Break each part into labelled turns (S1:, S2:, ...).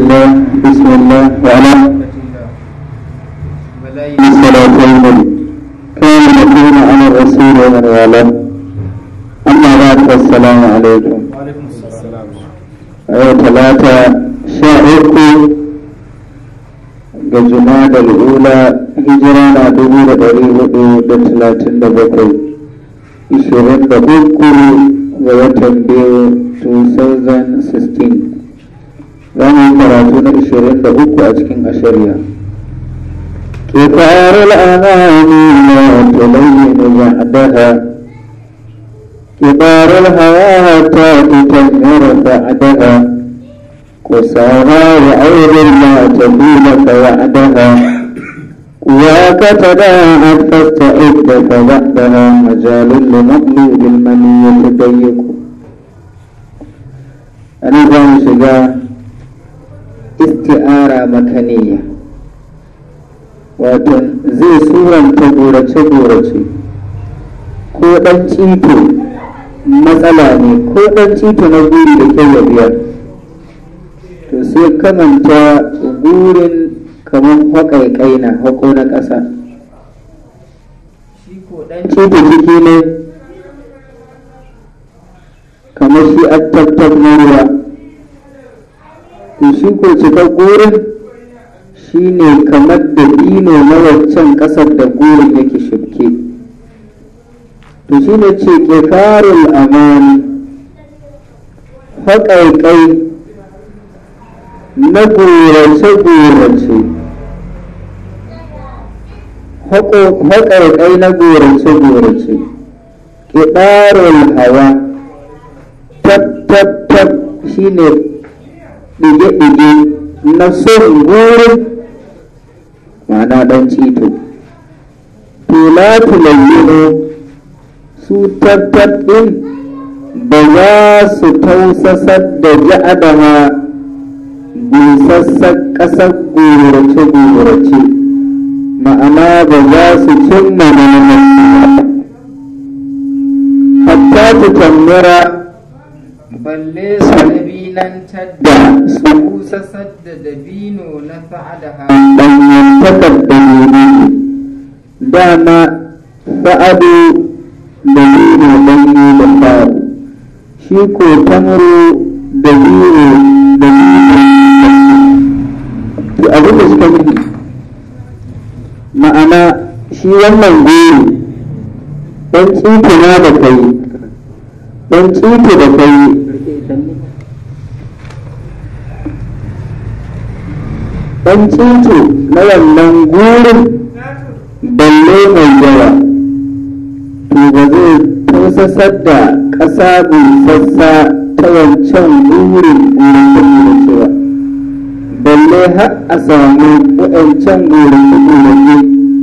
S1: الله بسم الله وعلى الصلاتين كان يكون على الرسول ومن والاه أما بعد فالسلام عليكم وعليكم السلام أيها ثلاثة شاعركم ga jumadar ula hijira na dubu da ɗari hudu da talatin 2016 za mu yi karatu na ishirin da uku a cikin ashariya لا تلين بعدها كبار الحياة تدمر بعدها قسارى وعيد لا تبين فوعدها وياك تداعت فاستعد فبعدها مجال لنقل بالمنية ضيق أنا جاي شجاع isti'ara makaniya wato zai suranta gorace-gorace ko ɗan cito matsala ne ko ɗan cito na guri da kyau ya biyar to sai kamanta gurin kamar haƙaiƙai na haƙo na ƙasa shi ko ɗan cito ciki ne kamar shi a na ruwa to shi ko cika gurin shi ne kamar da dino na waccan ƙasar da gurin yake shirke to shi ne ce ƙefarul amani haƙaiƙai na gorace-gorace haƙaiƙai na ƙiɗarar hawa tab shi ne ɗige-ɗige na son gurin ma'ana ɗan cito tulatu su tattaɗin ba za su tausasar da ji ja'adama busassan ƙasar gorace-gorace ma'ana ba za su cimma mamansu hatta ta tambara balle su dalilantar da busasar da dabino na sa'adaha ɗanyantakar da dabino dama sa'adu dabino ɗanye da faru shi ko tamuru dabino dabino abin da suka yi ma'ana shi wannan goro ɗan tsufina da kai ɗan da kai ɗan cuto na wannan gurin balle mai yawa to ba zai tausasar da ƙasa mai sassa ta wancan gurin gurin da cewa balle har a samu waɗancan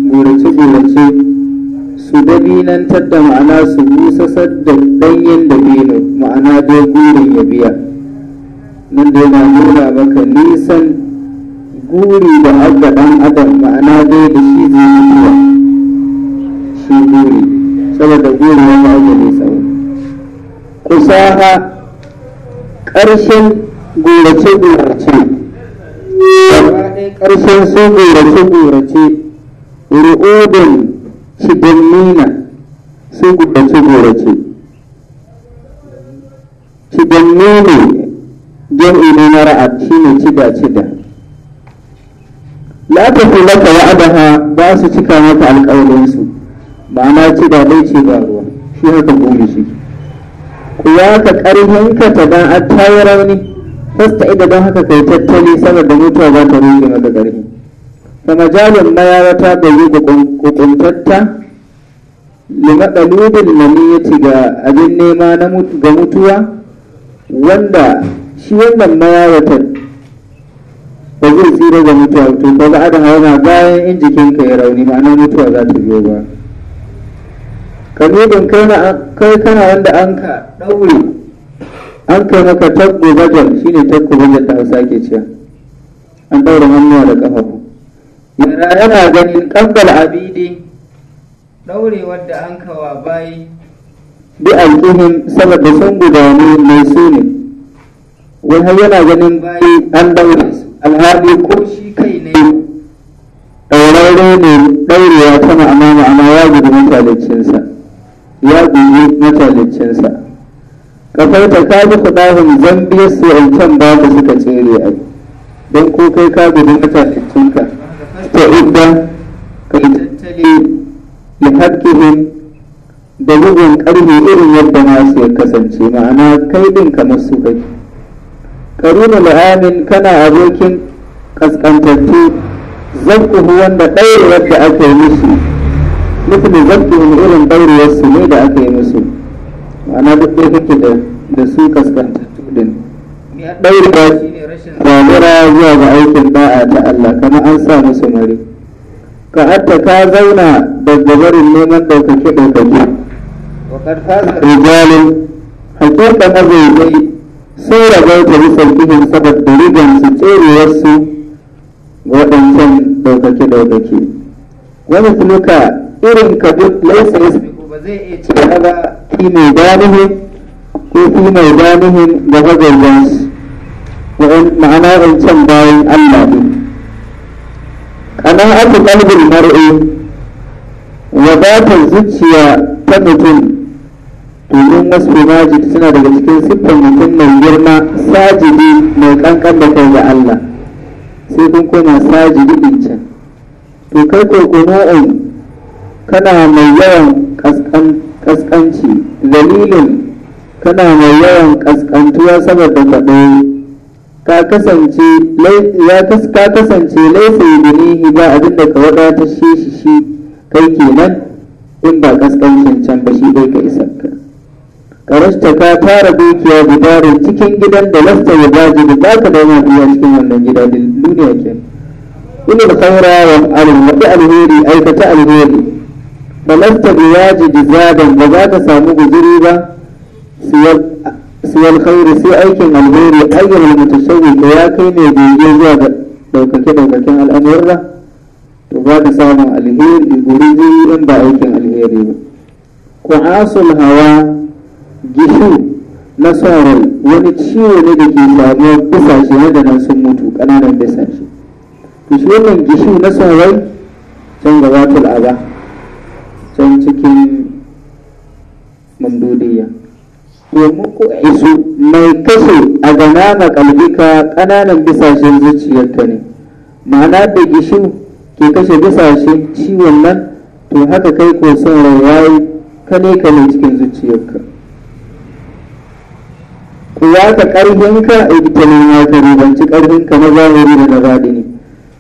S1: gurace-gurace su binantar da ma'ana su busasar da ɗanyen dabino ma'ana dai gurin ya biya nan da yana nuna maka nisan guri da aga dan adam ma'ana dai da shi zai mutuwa shi guri saboda guri ya faɗa ne tsawo ha ƙarshen gorace gurace ƙarshen su gorace-gorace ru'udun shidammina gurace gorace-gorace nuna jam'i na mara'ad shi ne cida-cida la ta fi wa'adaha ba su cika maka alƙawarinsu ma'ana ci da bai ce ba ruwa shi haka buri shi ku ya ka ƙarfin ka ta ba a tayi rauni fasta ida don haka kai tattali saboda mutuwa za ta rufe maka ƙarfi ka majalin mayara ta da kukuntatta ya ci ga abin nema ga mutuwa wanda shi wannan mayaratar ba zai tsira ga mutuwa to ba za da hauna bayan in jikinka ya rauni ma'ana mutuwa za ta biyo ba kalibin kai kana wanda an ka ɗaure an kai maka tabbo bajar shi ne tabbo bajar da hausa ke cewa an ɗaure hannuwa da ƙafafu yana yana ganin ƙabbal abidi ɗaure wadda an kawa bayi bi alƙihin saboda sun gudanu mai su ne wani yana ganin bayi an ɗaure alhali ko shi kai ne ɗaurare ne ɗaurewa ta ma'ana ma'ana ya gudu matalicinsa ya gudu matalicinsa kafar ta ka bi kudahin zambiyar su yancan ba da suka tsere a don ko kai ka gudu matalicinka ta ka yi tattali da haƙƙihin da bugun ƙarfi irin yadda masu ya kasance ma'ana kai ɗin kamar su kai ƙarinu lahamin kana abokin ƙasƙantattu zabkuhu wanda ɗaurewar da aka yi musu nufin zabkuhu irin su ne da aka yi musu ma'ana duk ɗaya kake da su ƙasƙantattu din ɗaurewa shi ne ramura zuwa ga aikin ba'a ta Allah kamar an sa musu mari ka hatta ka zauna daga barin neman ɗaukake ɗaukake rijalin hakika mazaitai sun ragaita bisa gidan saboda rigan su tsorewarsu ga waɗancan ɗaukake-ɗaukake wani suluka irin ka duk laisa ya ba zai iya ci gaba ba fi mai ganihin ko fi mai ga da su ma'ana wancan bayan Allah ne ƙana'atu ƙalbin mar'i wadatar zuciya ta mutum domin wasu majid suna daga cikin siffar mutum mai girma sajidi mai kankan da kai ga Allah sai kun koma sajidi din can to kai ko kunu'un kana mai yawan kaskanci dalilin kana mai yawan kaskantuwa saboda kaɗai ka kasance ka kasance laisa yudinihi ba abin da ka wadatar shi shi kai kenan in ba kaskancin can ba shi dai ka isa. ka karasta ka tara dukiya gidarin cikin gidan da lasta ya baji da ba ka da yana biya cikin wannan gida duniya ke ina da kaura wa alin waɗi alheri aikata alheri ba lasta bi yaji da zadan ba za ka samu guzuri ba siyar kairi sai aikin alheri ayyar mutasawwi ko ya kai ne gobe zuwa ga daukake daukaken al'amurra to ba ka samun alheri guri ba aikin alheri ba ku asul hawa gishin na sauran wani ciwo ne da ke samuwa bisashe wanda nan sun mutu ƙananan bisashe to shi wannan gishin na sauran can gabatul aza can cikin mamdodiya domin ku isu mai kashe a gana na kalbika ƙananan bisashen zuciyarka ne ma'ana da gishin ke kashe bisashe ciwon nan to haka kai ko son rawaye ka ne ka ne cikin zuciyarka kuwa ta yi ibtilin ya ribanci ƙarfinka na zahiri da na zaɗini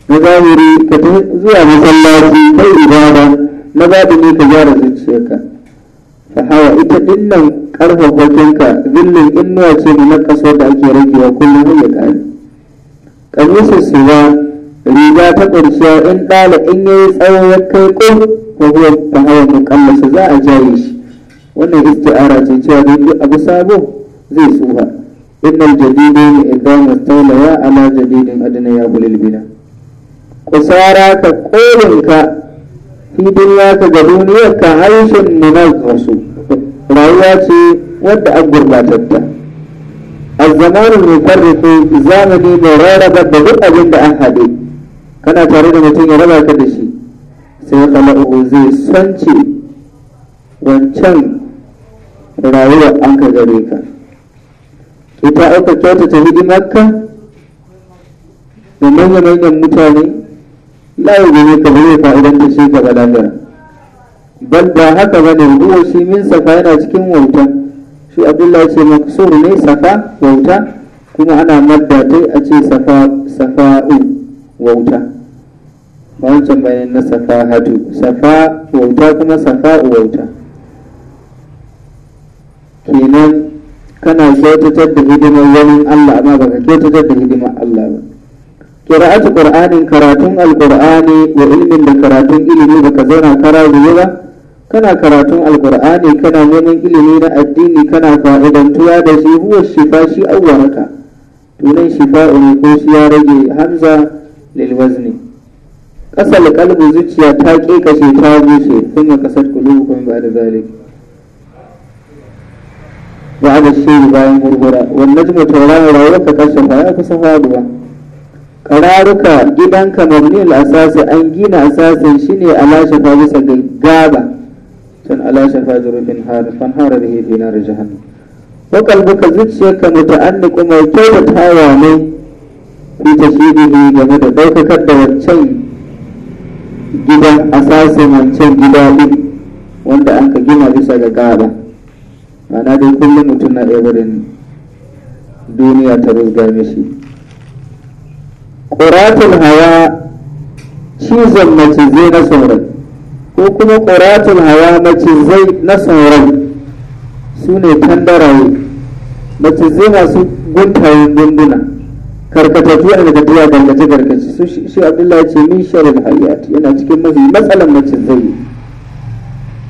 S1: na zahiri ka tafi zuwa masallaci kai ibada na zaɗini ka gyara zuciyarka ta hawa ita dinnan ƙarfafafinka zillin inuwa ce da na ƙasar da ake ragewa kullum har ya ƙare ƙamisin su ba riga ta ƙarshe in ɗala in yi tsawon ya kai ko ko huwa ta hawa muƙallasa za a jaye shi wannan isti'ara ce cewa duk abu sabo zai tsufa innal jadidin idama ya ala jadidin adana ya bulil bina kusara ta kolinka fi duniya ta ga duniyar ka harshen wasu. rayuwa ce wadda an gurbatatta azzamanin mai kwarrafe zamani mai rarraba da duk abin da an haɗe kana tare da mutum ya raba ka da shi sai kala'u zai sance wancan rayuwar an ka gare ka ita aka kyautata hidimarka da manya-manyan mutane layi gane ka bare fa'idan da shi ga balaga bal ba haka ba ne ruwa shi min saka yana cikin wauta shi abdullahi ce maksur ne saka wauta kuma ana madda ta a ce in wauta ba wancan bayan na safa hadu safa wauta kuma safa'u wauta kenan kana kyautatar da hidimar wani Allah amma ba ka kyautatar da hidimar Allah ba qira'atu qur'anin karatun alqur'ani wa ilmin da karatun ilimi ka zauna kara zuwa ba kana karatun alqur'ani kana neman ilimi na addini kana fa'idantuwa da shi huwa shifa shi awwaraka tunan shifa'u ne ko shi ya rage hamza lil wazni kasal qalbu zuciya ta kashe ta bushe kuma kasat qulubukum ba zalika wa ala shiri bayan gurgura wannan jima tauraron rayuwar ka kashe baya kusa faduwa kararuka gidanka mabnil asasi an gina asasin shine ala shafa bisa gaba tun ala shafa zurfin harfan harar hefe na rajahan wa kalbuka zuciyarka muta'anniku mai kyautatawa ne fi tashibihi game da daukakar da wancan gidan asasin wancan gida wanda an ka gina bisa ga gaba ma'ana dai kullum mutum na iya barin duniya ta rusga mishi ƙuratun hawa cizon mace zai na sauran ko kuma ƙuratun hawa mace zai na sauran su ne tandaraye mace zai masu guntayen gunduna karkatattu a daga tuwa gargace gargace su shi abdullahi ce min sharin hayat yana cikin mafi matsalan mace zai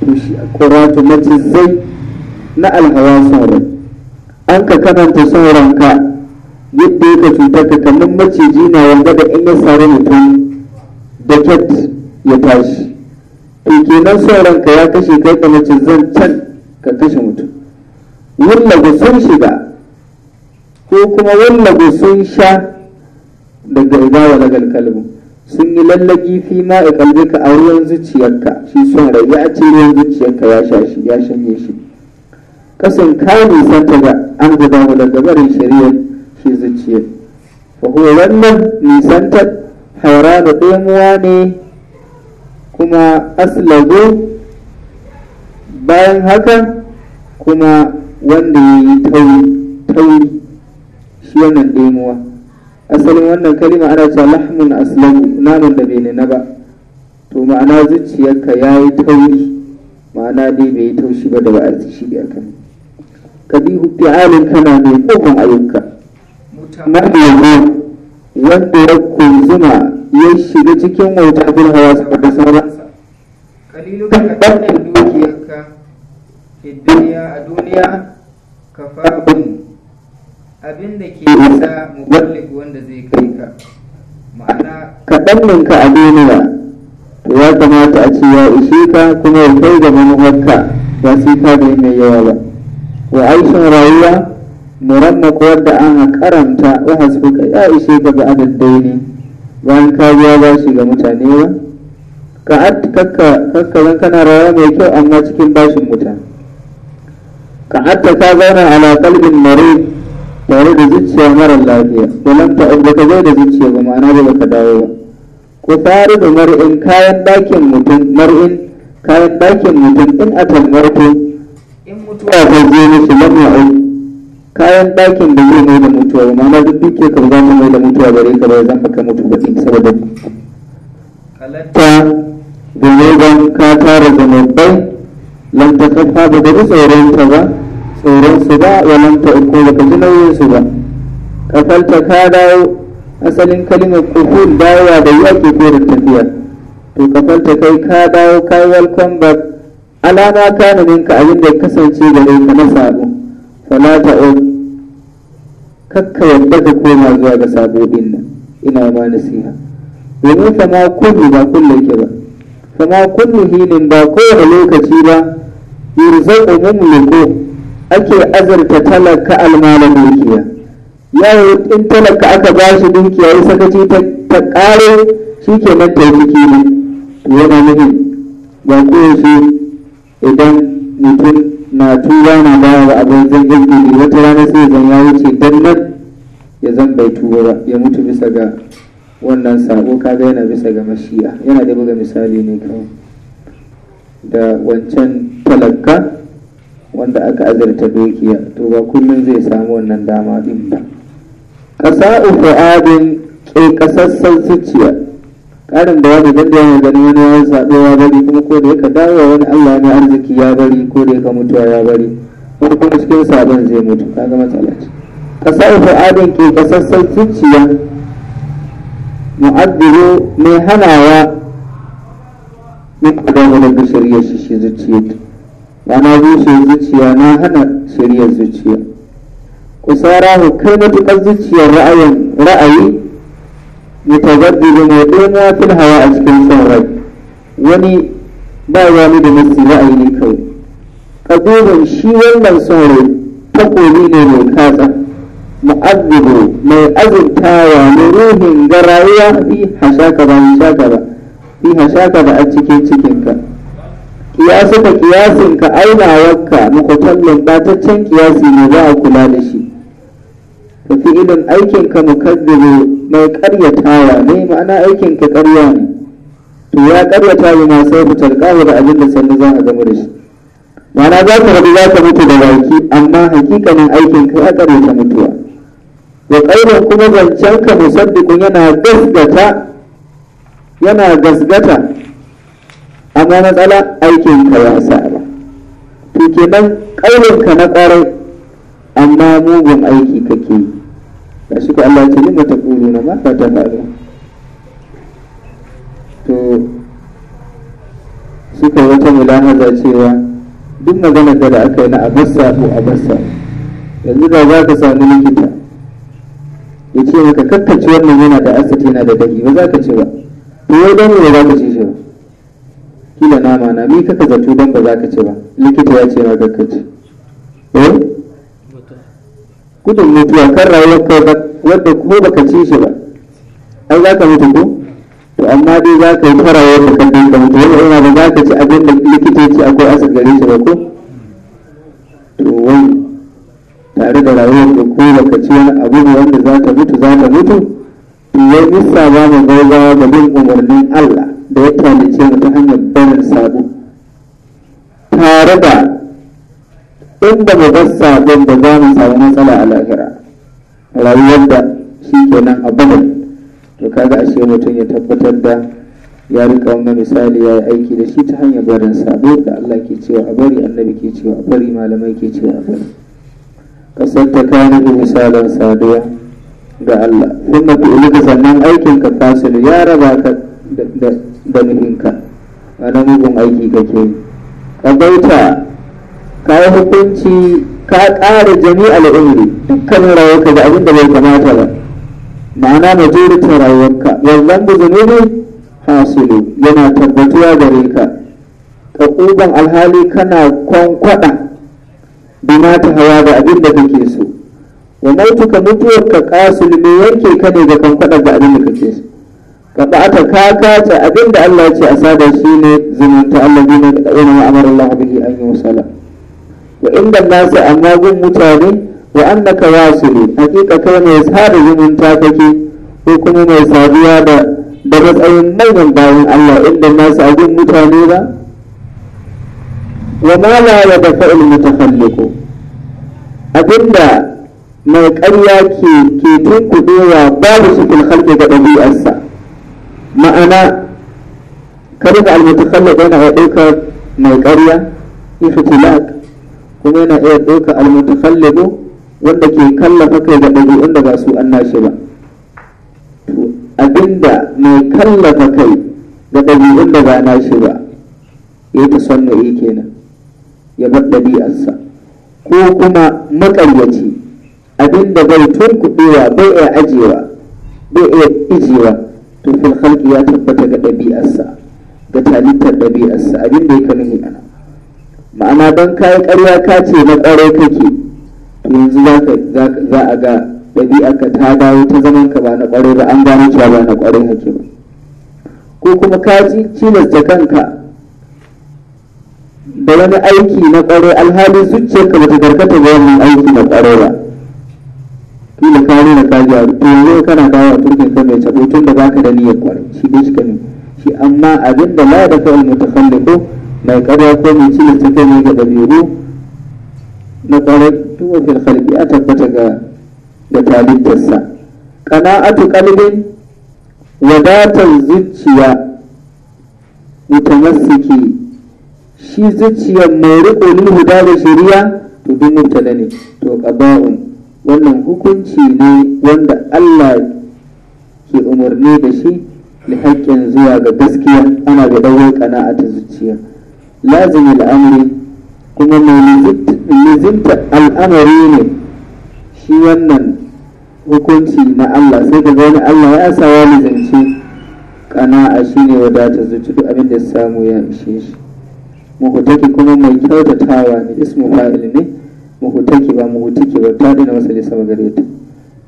S1: to shi ƙuratu mace zai na alhawa sauran an ka karanta sauranka yadda yake cutar ka kamar maciji na wanda da in ya sare mutum da ket ya tashi in kenan sauranka ya kashe kai ka mace zan can ka kashe mutum wallaga sun shiga ko kuma wallaga sun sha daga idawa daga galkalmu sun yi lallagi fi ma'a ka a ruwan zuciyarka shi sun rai ya ce ruwan zuciyarka ya sha shi ya shanye shi kasan ka nisanta ga an guda mu daga barin shari'ar shi zuciya fa huwa wannan nisantar haura da ɗemuwa ne kuma aslago bayan haka kuma wanda ya yi tauri shi wannan ɗemuwa asalin wannan kalima ana cewa lahmun aslago naman da bai na ba to ma'ana zuciyarka ya yi tauri ma'ana dai bai yi taushi ba da ba a shi da akan kabihu halin kana mai mugun ayyuka mutamadiyo yanzu wanda ya kuzuma ya shiga cikin wata bin hawa da sauransa kalilukan ka ɗanɗan dukiyarka ke duniya a duniya ka faɗin abin da ke isa muballig wanda zai kai ka ma'ana kaɗan ka a duniya to ya kamata a ce ya ishe ka kuma ya kai ga manuwarka ba sai ka da mai yawa ba wa aishin rayuwa murannak da an karanta wa hasbuka ya ishe ka ga adad daini bayan ka biya bashi ga mutane ba ka at kakka kakka kana rayuwa mai kyau amma cikin bashin mutane ka hatta ka zauna ala kalbin mare tare da zuciya marar lafiya nan ta ɗauka ka zai da zuciya ba ma'ana da ka dawo ba ku fara da mar'in kayan ɗakin mutum mar'in kayan mutum in a tambarto mutuwa zai je musu mafi kayan ɗakin da zai mai da mutuwa ba ma'ana duk ya ka zama mai da mutuwa gare ka ba zan baka mutu ba saboda halatta ba ka tara zunubai lam ta ba da tsoron ta ba tsoron su ba ya lam ta uku ba ka ji nauyin su ba kafalta ka dawo asalin kalimar kufur dawowa da yaki ko da tafiya to kafalta kai ka dawo kai welcome back ala ma kana minka abin da ya kasance gare ka na sabo fala ta'ud kakka yadda ka koma zuwa ga sabobin nan ina ma nasiha domin ma kullu ba kullu ke ba ma kullu hilin ba kowane lokaci ba yurzaqu mumliku ake azarta talaka almalan dukiya yawo in talaka aka ba shi dukiya ya sakaci ta ƙare shi nan ta yi ciki ne yana nufin ba kowace idan mutum na tura na bawa da abin zangin gidi wata rana sai zan ya wuce nan ya zan bai tura ba ya mutu bisa ga wannan sabo kaga yana bisa ga mashiya yana da buga misali ne kawai da wancan talaka wanda aka azarta dokiya to ba kullum zai samu wannan dama din ba ƙasa uku adin ƙasassan zuciya ƙarin da wani dan ya gani wani ya zaɓe ya bari kuma ko da yaka dawo wani Allah ne arziki ya bari ko da yaka mutuwa ya bari wani kuma cikin sabon zai mutu kaga matsala ce kasar adon ke sassan zuciya mu'addiru mai hanawa min wani da shirya shi shi zuciya ba na bushe zuciya na hana shirya zuciya rahu kai matuƙar zuciyar ra'ayin ra'ayi mutazaddilu mai ɗaya fil hawa a cikin son wani ba wani da nasi ra'ayi ne kai kadurin shi wannan son takobi ne mai katsa mu'azzibu mai azurtawa mai ruhin ga rayuwa fi hashaka ba hashaka ba fi hashaka ba a cikin cikinka kiyasuka kiyasinka ainawarka mukutallin bataccen kiyasi ne ba a kula da shi ka fi ilin aikinka mukaddibu mai karyatawa ne ma'ana aikin ka karya ne to ya karyata bi ma sai fitar kawo da abin da sannu za a gama da shi ma'ana za ka rabu za ka mutu da baki amma hakikanin aikin ka ya karyata mutuwa da ƙairin kuma zancen ka musaddiqun yana gasgata yana gasgata amma matsala aikin ka ya saba to kenan ƙairin ka na ƙwarai amma mugun aiki kake yi da shi Allah ya ce lima taquluna ma la tafalun to suka wata mulahaza cewa duk maganar da aka yi na abassa ko abassa yanzu da za ka sami likita ya ce maka kakkaci wannan yana da asati yana da dahi ba za ka ce ba to yau don ba za ka ce ba kila nama na mi kaka zato don ba za ka ce ba likita ya ce ma kakkaci eh gudun mutuwa kan rayuwar kai wadda ko baka ci shi ba ai za ka mutu ko to amma dai za ka yi ta rayuwar da kan ka mutu wani ina ba za ka ci abin da likitoci akwai asir gare shi ba ko to wani tare da rayuwar da ko baka ci wani abu ne wanda za ta mutu za ta mutu to yi nisa ba mu gaugawa ga bin umarnin Allah da ya tanace mu ta hanyar barin sabo tare da inda ba gasa ɗin da za mu samu matsala a lahira rayuwar da shi kenan a bugun to kaga ashe mutum ya tabbatar da ya rika wannan misali ya yi aiki da shi ta hanyar barin sabo da Allah ke cewa a bari annabi ke cewa a bari malamai ke cewa a bari kasar ta kayan da misalan saduwa ga Allah kuma ku da sannan aikin ka fasilu ya raba ka da nuhinka a mugun aiki kake yi ka bauta ka yi hukunci ka ƙara jami'al umri dukkanin rayuwarka da abin da bai kamata ba ma'ana majoritin rayuwarka wannan da zunubi hasilu yana tabbatuwa gare ka ƙaƙuban alhali kana kwankwaɗa bima ta hawa da abin da kake so wa mautuka mutuwarka ƙasulu me yanke ka ne ga kwankwaɗa ga abin da kake so ka ba'ata ka kata abin da Allah ce a sada shi ne zumunta Allah na da ɗaura ma'amarin Allah bihi an yi wasala wa inda nasu amma gun mutane wa annaka wasilu hakika kai mai sada zumunta kake ko kuma mai sabuwa da da matsayin manyan bayan Allah inda nasu a gun mutane ba wa ma la ya dafa ilmutahalliku abinda mai ƙarya ke ke tunkuɗewa babu su fil ga ɗabi'arsa ma'ana kada da almutakalli yana ɗaukar mai ƙarya iftilak kuma yana iya ɗauka almutafallidu wanda ke kallafa kai ga ɗabi'un da ba su an ba abinda mai kallafa kai ga ɗabi'un da ba shi ba ya ta yi kenan ya bar ɗabi'arsa ko kuma maƙaryaci abinda bai tunkuɗewa bai iya ajiyewa bai iya ijiyewa to fil ya tabbata ga ɗabi'arsa ga talitar ɗabi'arsa abinda ya kamihi ana ma'ana don kayi karya ka ce na ƙwaro kake yanzu za a ga ɗabi'a ka ta dawo ta zaman ka ba na ƙwaro ba an gano cewa ba na ƙwaro hake ba ko kuma ka ji cilasta kanka da wani aiki na ƙwaro alhali zuciyarka ba ta karkata ga wani aiki na ƙwaro ba kila ka nuna ka abu to yanzu kana dawo a turkin ka mai tabo tun da baka da niyyar ƙwaro shi dai shi ne shi amma abin da la da kawai mutakallifu mai karya ko mai cin ta kai ne ga dabiru na kwarar duwa fil a tabbata ga da talibtarsa qana'atu qalbin wadatar zuciya mutamassiki shi zuciyar mai riƙo lil huda da shari'a to duk mutala ne to qada'un wannan hukunci ne wanda Allah ke umarni da shi da haƙƙin zuwa ga gaskiya ana da ɗaukar ƙana'a ta zuciya لازم الامر kuma mai lizinta al'amari ne shi wannan hukunci na Allah sai ka wani Allah ya sa zance kana a shi ne wadata zuci duk abin da samu ya ishe shi muhutaki kuma mai kyautatawa ne ismu fa'il ne muhutaki ba muhutaki ba ta dina masa ne sama gare ta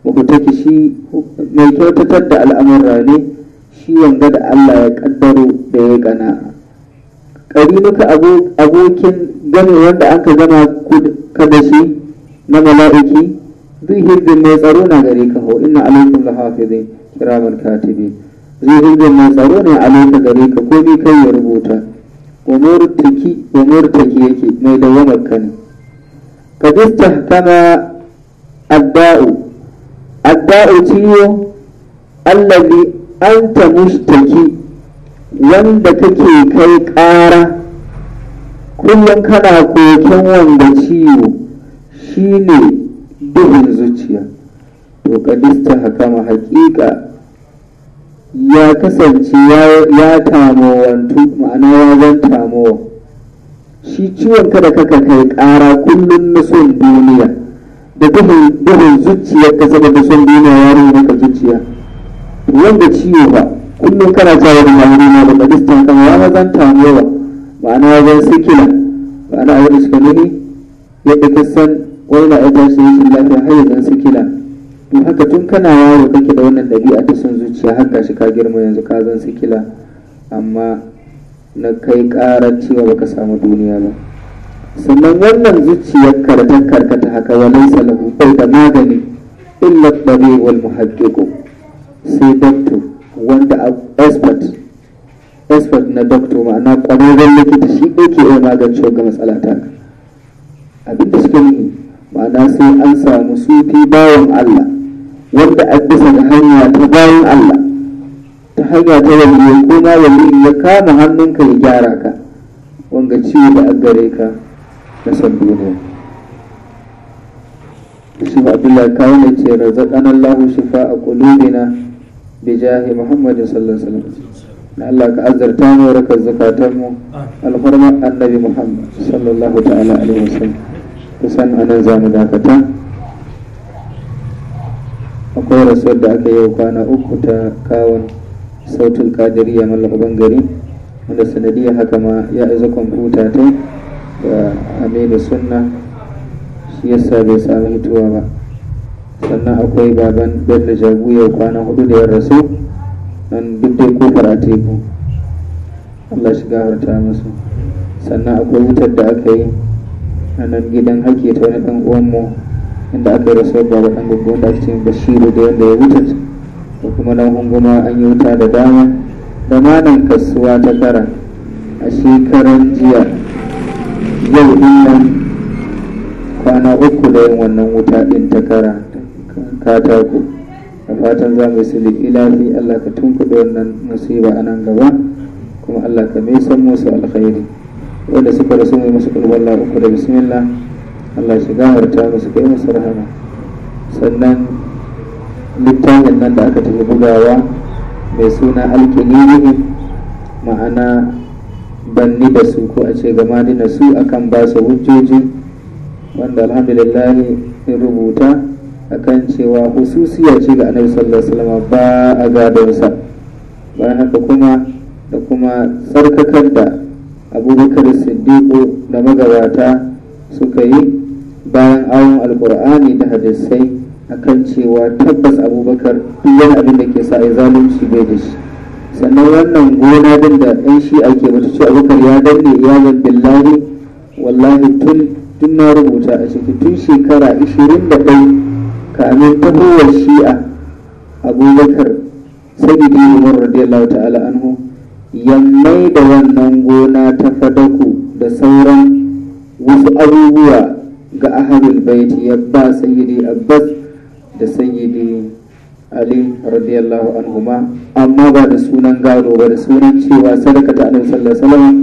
S1: muhutaki shi mai kyautatar da al'amura ne shi wanda da Allah ya kaddaro da ya gana maka abokin gane wanda aka zama ka da shi na mala'iki hirbe mai tsaro na gare ka hau ina alaikum la hafizin kiraman katibi hirbe mai tsaro ne alaika gare ka ko bi kai ya rubuta umar taki umur taki yake mai dawamar ka ne kadista kama adda'u adda'u ciwo allazi anta mustaki wanda kake kai ƙara kullum kana koken wanda ciwo shi ne duhun zuciya to kadista hakama haƙiƙa ya kasance ya tamowantu ma'ana ya zan tamowa shi ciwon kada kaka kai ƙara kullum na son duniya da duhun zuciya ka saboda son duniya ya rubuta zuciya wanda ciwo ba kullum kana cewa da yahudi na da kadistan kan wa mazan tamu yawa ma'ana wajen sikila ma'ana a wadda suka nuni yadda ka san wani na ɗaukar su rashin lafiya har yanzu sikila to haka tun kana yaro kake da wannan ɗabi'a ta son zuciya har shi ka girma yanzu ka zan sikila amma na kai ƙarar cewa baka samu duniya ba sannan wannan zuciyar karta karkata haka wani salahu bai da magani illa ɗabi'ul muhaddiqu sai dakto wanda expert expert na doctor ma'ana kwararren likita shi ke iya magance ga matsala ta abinda suke nufi ma'ana sai an samu sufi bawan Allah wanda a bisa ga hanya ta bayan Allah ta hanya ta waliyo ko na waliyo ya kama hannunka ya gyara ka wanga ci da gare ka na san duniya shi abdullahi kawai ne ce razaqana Allahu shifa a qulubina بجاه محمد صلى الله عليه وسلم الله كأزرتان ورك الزكاتم الحرمة النبي محمد صلى الله تعالى عليه kusan a nan zamu dakata akwai rasuwar da aka yi yau kwana uku ta kawon sautin kadiriya mallaban gari wanda sanadiyar haka ma ya iza kwamfuta ta da aminu sunna shi yasa bai sami hituwa ba sannan akwai baban da jagu yau kwana hudu da ya rasu nan duk dai kofar a teku allah shi gaharta musu sannan akwai wutar da aka yi a nan gidan hake ta wani ɗan uwanmu inda aka yi rasuwar baba ɗan gugu wanda ake cikin bashiru da yadda ya wutar da kuma nan hunguma an yi wuta da dama da malam kasuwa ta kara a shekaran jiya yau ɗin kwana uku da yin wannan wuta ɗin ta kara katako a fatan za mu siliki lafi Allah ka tunkuɗe wannan musiba a nan gaba kuma Allah ka mai san musu alkhairi wanda suka rasu mai musu kulwalla uku da bismillah Allah shi gaharta musu kai musu rahama sannan littafin nan da aka tafi bugawa mai suna alƙilini ma'ana banni da su ko a ce gama dina su akan ba su hujjoji wanda alhamdulillah rubuta akan cewa hususiya ce ga annabi sallallahu alaihi wasallam ba a gadonsa bayan haka kuma da kuma tsarkakar da abubakar siddiqu da magabata suka yi bayan awon alkur'ani da hadisai akan cewa tabbas abubakar duk wani abin da ke sa ya zalunci bai da shi sannan wannan gona din da ɗan shi ake mutu ce abubakar ya danne iyalin billahi wallahi tun na rubuta a ciki tun shekara ɗaya. kamin tahowar shi'a abubakar sayyidi umar radiyallahu ta'ala anhu yammai da wannan gona ta fadaku da sauran wasu abubuwa ga ahalul baiti ya ba sayyidi abbas da sayyidi ali radiyallahu anhu ma amma ba da sunan gado ba da sunan cewa sadaka ta annabi sallallahu alaihi wasallam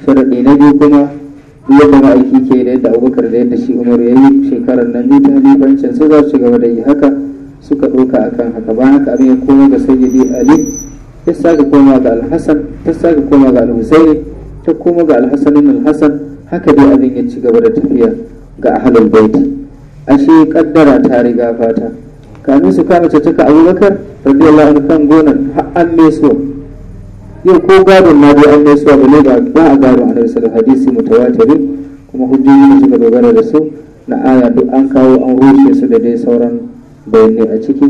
S1: sharadi na biyu kuma yadda ma'aiki ke da yadda abubakar da yadda shi umar ya yi shekarar nan biyu ta halifancin sai za su gaba da yi haka suka ɗauka a kan haka bayan haka abin ya koma ga sayyidi ali ya sake koma ga alhassan ta koma ga alhussaini ta koma ga alhassanin alhassan haka dai abin ya ci gaba da tafiya ga ahalin baiti ashe kaddara ta riga fata kamin su kama caccaka abubakar radiyallahu anhu kan gonar har an so. yau ko gadon ma dai an dai suwa bane ba ba a gadon annabi sallallahu hadisi mutawatirin kuma hujjoji da suka dogara da su na aya duk an kawo an rushe su da dai sauran bayanai a ciki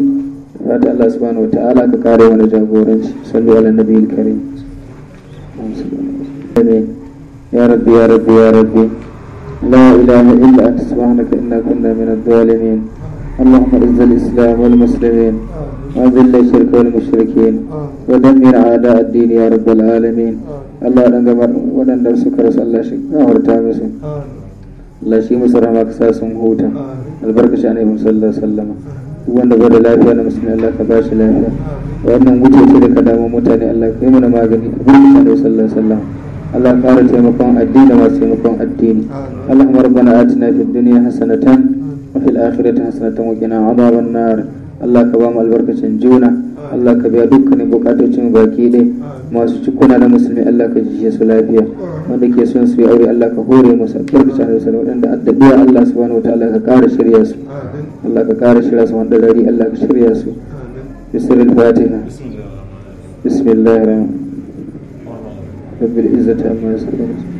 S1: fata Allah subhanahu wataala ka kare wani jagoranci sallu ala nabiyil karim يا ربي يا ربي يا ربي لا إله إلا أنت سبحانك إنا كنا من الظالمين اللهم اعز الإسلام والمسلمين وأذل الشرك والمشركين آه. ودمر أعداء الدين يا رب العالمين آه. الله ننقبر ونندم سكر صلى الله عليه وسلم آمين الله شيء مسرح ما كساس مهوتا آه. البركة شعني من صلى الله عليه وسلم وأن نبرد الله فيه نمسني الله كباش الله فيه وأن نموت يتري كدام ومتاني الله كيمنا ما أغني أبو الله صلى الله عليه وسلم الله قارت يمقون الدين واسيمقون الدين اللهم ربنا آتنا في الدنيا حسنة وفي الآخرة حسنة وقنا عذاب النار Allah ka ba mu albarkacin juna Allah ka biya dukkanin bukatocin baki ne masu cikuna na musulmi Allah ka jishe su lafiya wanda ke son su yi aure Allah ka hore musu albarkacin da sallallahu wadanda addabiya Allah subhanahu wataala ka kara shirya su Allah ka kara shirya su wanda dare Allah ka shirya su bisirul fatiha bismillahir rahmanir rahim rabbil izzati amma yasifun